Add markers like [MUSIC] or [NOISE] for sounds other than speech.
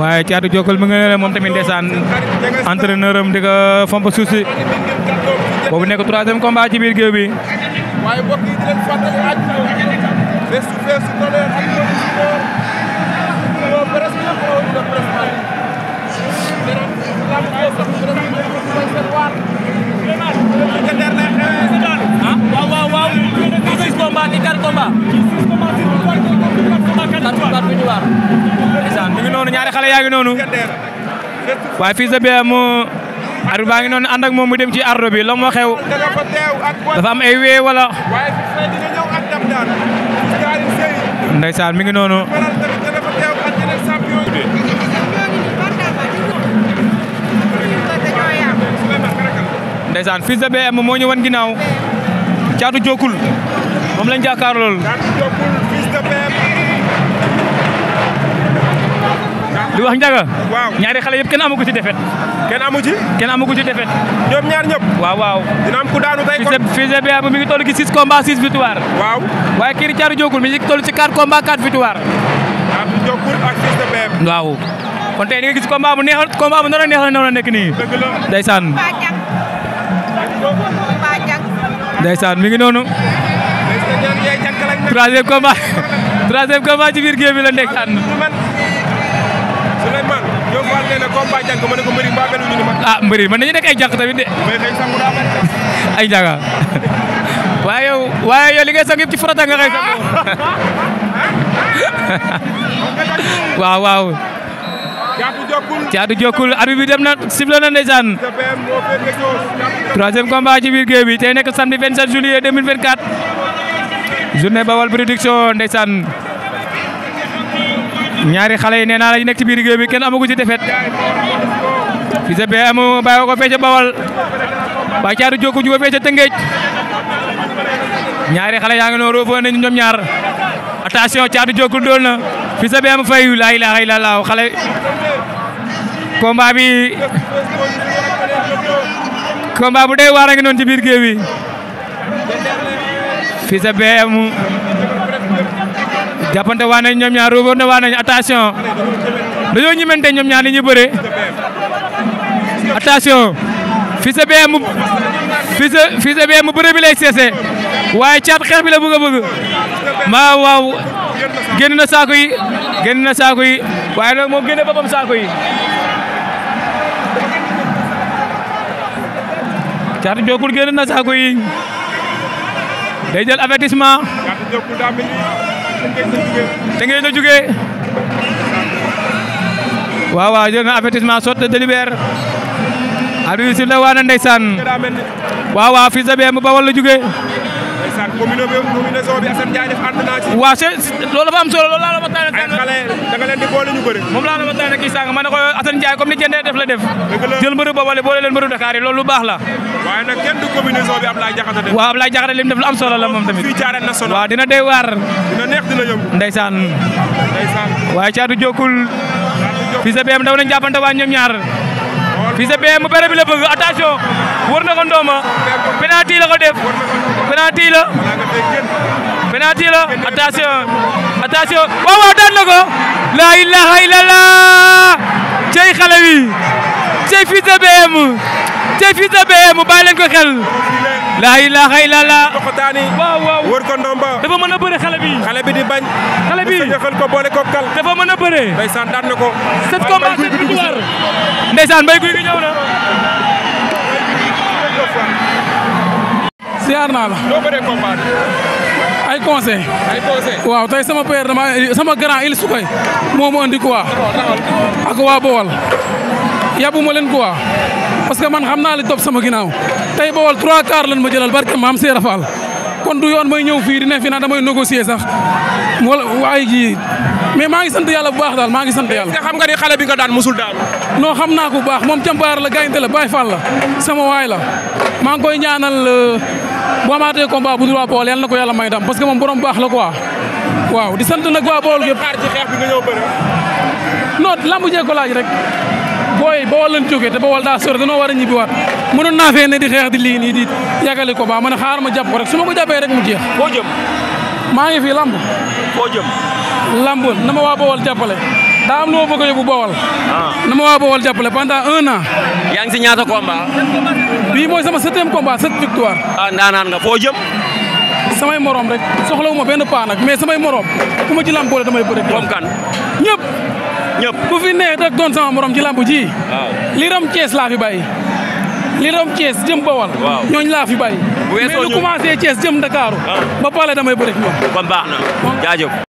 waaye caatu jokkal mu nga moom tamit ndeysaan entraîneur am di ko fomp suuf nekk troisième combat ci biir géew ni ah, quatre combat ñaari xale yaa ngi noonu waaye fils de BM arbitre baa ngi noonu ànd ak moom mu dem ci ardo bi la moo xew wee wala ndeysaan mi ngi noonu ndeysaan fils de BM moo ñu wan ginnaaw caatu jokul moom lañ jàkkaar lool di wax njaga waaw ñaari xale yëpp kenn amu ko ci defet kenn amu ci kenn amu ko ci defet ñoom waaw waaw dina am mi ngi toll ci 6 combats 6 victoire waaw waaye kii di Thiatou mi ngi toll ci 4 combats 4 victoire Thiatou Diokoul waaw kon tey ni nga gis combat bu neexal combat bu nar a neexal noonu nekk nii ndeysaan ndeysaan mi ngi noonu troisième combat [LAUGHS] troisième combat ci biir géew bi la ndeysaan ñoo faal ma ne ah, nekk ay jànk tamit de. mais [LAUGHS] [LAUGHS] ay jànk [LAUGHS] waaye yow waaye yow li ngay sang yëpp ci farata nga xëy sangu waaw waaw. caatu jokkul caatu jokkul arbitre bi dem na sifflé na ndeysaan. troisième combat ci biir géew bi tey nekk samedi 27 juillet 2024. journée Bawal production ndeysaan. ñaari xale yi nee naa nekk ci biir géew bi kenn amagu ci defet Fils de BM bàyyi ko fee ca Bawal Baye Thiatou Diop ñu ko fee ñaari xale yaa ngi noonu roofoo nañu ñoom ñaar attention Thiatou Diop dool na Fils de BM fayu laa ilaaha illallaah xale combat bi combat bu dee waar a ci biir géew bi Fils de jàppante waa nañ ñoom ñaar robo ne waa nañ attention dañoo ñimante ñoom ñaar li ñuy bëre attention Fils de BM mu Fils de Fils BM mu bëre bi lay seese waaye caat xeex bi la bëgg a maa waaw génn na saako yi génn na saako yi waaye loolu moom génne boppam saako yi caat jokkul génn na saako yi day da ngeen a jugee waaw waaw jël na avertissement sot de délibère arbitre bi sif la waana ndeysaan waaw waaw fils de Bémb Bawol la jugee waaw c'est loolu dafa am solo loolu laa la waxtaan ak moom laa la waxtaan ak kii sàng ko Assane Ndiaye comme ni def la def jël mbëru Bawol boole leen mbëru Dakar loolu baax la waaye nag kenn du def waaw am solo la moom tamit waaw dina doy waar lépp dina yëngu. ndeysaan. ndeysaan. waaye caatu jokkul. fii sa BM daw nañu jàppante waa ñoom ñaar. fii sa BM bëre bi la bëgg attention. war na ko ndooma. penalty la ko def. penalty la. penalty la attention. attention waaw oh, waaw daan na ko. laa ilaha illallah. cey xale wi. cey fii sa BM. cey fii sa BM bàyyi leen ko xel. laa ilaaha illallah. waaw waaw wër ko ndomba. dafa mën a bëre xale bi. bi di bañ. xale bi mu sañoxal ko boole ko kal. dafa mën a bëre. ndeysaan daan na ko. sept combats sept gi ñëw na. siyaar naa la. ay conseil waaw tey sama père dama sama grand il sukay moo ma andi waa Bawol. yabuma leen quoi. parce que man xam naa li topp sama ginnaaw. tey Bawol trois quarts lan ma jëlal barke maam Seera Fall kon du yoon may ñëw fii di ne fi naa damay négocier sax wala waaye ji mais maa ngi sant yàlla bu baax daal maa ngi sant yàlla. nga xam nga ni xale bi nga daan musul daal. non xam naa ko bu baax moom jàmbaar la gaynde la Baay Fall la sama waay la maa ngi koy ñaanal euh, boo amaatee combat bu dul waa Bawol yal na ko yàlla may dam parce que moom borom baax la quoi waaw di sant nag waa Bawol yëpp. xaar ci xeex bi nga jee ko laaj rek booy Bawol lañ jógee te Bawol daa sori danoo war a ñibbiwaat. mënoon naa fee ne di xeex di lii nii di yàggale ko baa ma ne xaar ma jàpp ko rek su ma ko jàppee rek mu jeex. foo jëm. maa ngi fi lamb. foo jëm. lamb na ma waa Bawol jàppale. daa am lu ma bëgg a yóbbu Bawol. Ah. na ma waa Bawol jàppale pendant un an. yaa ngi si ñaata combat. bii mooy sama septième combat sept victoire. ah ndaanaan nga foo jëm. samay morom rek soxlawuma benn paa nag mais samay morom ku ma ci lamb boole damay bëri. comme kan ñëpp. ku fi neex rek doon sama morom ci lamb ji. waaw ram Cees laa fi bàyyi. li doon Thiès jëm Bawal. waaw ñooñu laa fi bàyyi. bu weesoo ñu mais lu commencé Thiès jëm Ndakaaru. Ah. ba pare damay bëre ak ñoom. kon baax na jaajëf.